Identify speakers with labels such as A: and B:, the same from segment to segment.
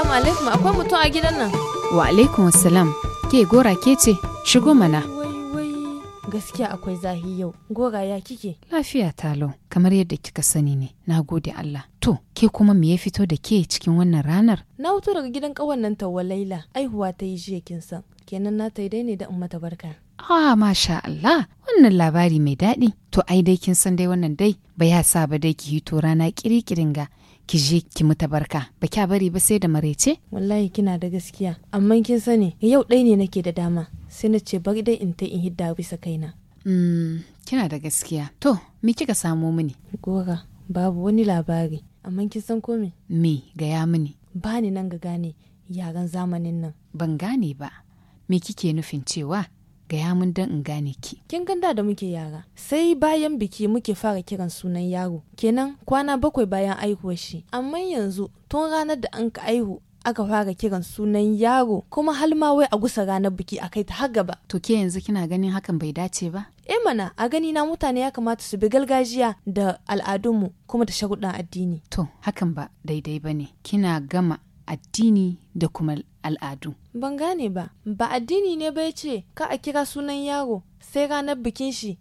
A: Assalamu alaikum akwai mutum a gidan nan.
B: Wa alaikum assalam ke gora ke ce shigo mana.
A: Gaskiya akwai zahi yau, gora ya kike.
B: Lafiya talo, kamar yadda kika sani ne, na gode Allah. To, ke kuma me ya fito da ke cikin wannan ranar?
A: Na wuto daga gidan ƙawan nan tawa Laila, aihuwa ta yi jiya kin san. Kenan na ta dai ne da in mata barka.
B: Ah, masha Allah, wannan labari mai daɗi. To ai dai kin san dai wannan dai ba ya sa ba dai ki hito rana kirkirin ga ki je ki mu tabarka ba kya bari ba sai da maraice
A: wallahi kina da gaskiya amma kin sani yau ɗaya ne nake da dama sai na ce bari dai in ta in hidda bisa kaina mm, kina da gaskiya to me kika samo mini gora babu wani labari amma kin san ko me
B: me gaya mini
A: bani nan ga gane yaran zamanin nan
B: ban gane ba me kike nufin cewa gaya mun don in gane ki.
A: Kin ganda da muke yara. Sai bayan biki muke fara kiran sunan yaro. Kenan kwana bakwai bayan aihuwar shi. Amma yanzu tun ranar da an ka aihu aka fara kiran sunan yaro kuma har ma wai a gusa ranar biki a kai ta har gaba. To ke yanzu kina ganin hakan bai dace ba? E mana a gani na mutane ya kamata su bi gargajiya
B: da al'adunmu kuma da sharuɗan addini. To hakan ba daidai ba ne. Kina gama addini da kuma al'adu.
A: Ban gane ba, ba addini ne bai ce ka a kira sunan yaro sai ranar bikin shi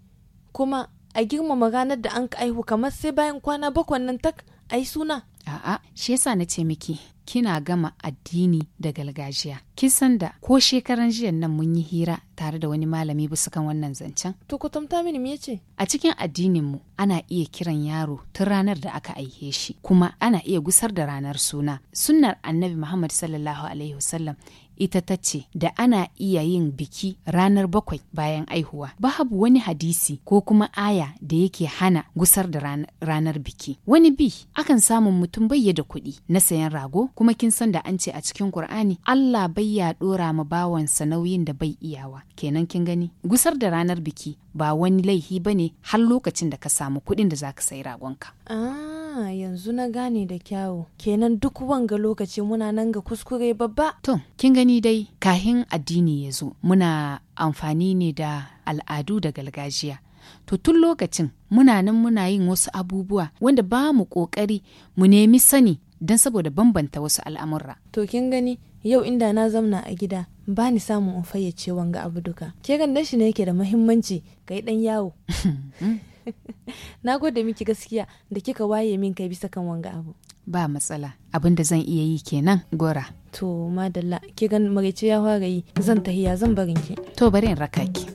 A: kuma a girmama ranar da an ka
B: aihu kamar sai bayan kwana bakwan nan tak a yi suna. A'a, shi yasa na ce miki kina gama addini da gargajiya kisan da ko shekaran jiyan nan mun yi hira tare da wani malami bisa kan wannan zancen to ku tamta mini me ce a cikin addinin mu ana iya kiran yaro tun ranar da aka aihe shi kuma ana iya gusar da ranar suna sunnar annabi muhammad sallallahu alaihi wasallam ita ta ce da ana iya yin biki ranar bakwai bayan aihuwa babu wani hadisi ko kuma aya da yake hana gusar da ranar biki wani bi akan samun mutum bayya da kuɗi na sayan rago kuma kin san da an ce a cikin Qur'ani Allah bai ya dora ma bawansa nauyin da bai iyawa kenan kin gani gusar da ranar biki ba wani laihi bane har lokacin da ka samu kuɗin da zaka sayi ragonka
A: ah yanzu na gane da kyawu kenan duk wanga lokaci
B: muna nan ga kuskure babba to kin gani dai kahin addini ya zo muna amfani ne da al'adu da gargajiya to tun lokacin muna nan muna yin wasu abubuwa wanda ba mu ƙoƙari mu nemi sani don saboda bambanta wasu al'amurra.
A: To kin gani yau inda na zamna a gida ba ni samun in fayyace wanga abu duka. Ke gandan shi ne yake da muhimmanci ga dan yawo. na gode miki gaskiya da kika waye min kai bisa kan wanga abu. Ba matsala
B: abin da zan iya yi kenan gora.
A: To madalla ke gan maraice ya fara yi zan tahiya zan barin ki. To bari
B: in raka ki.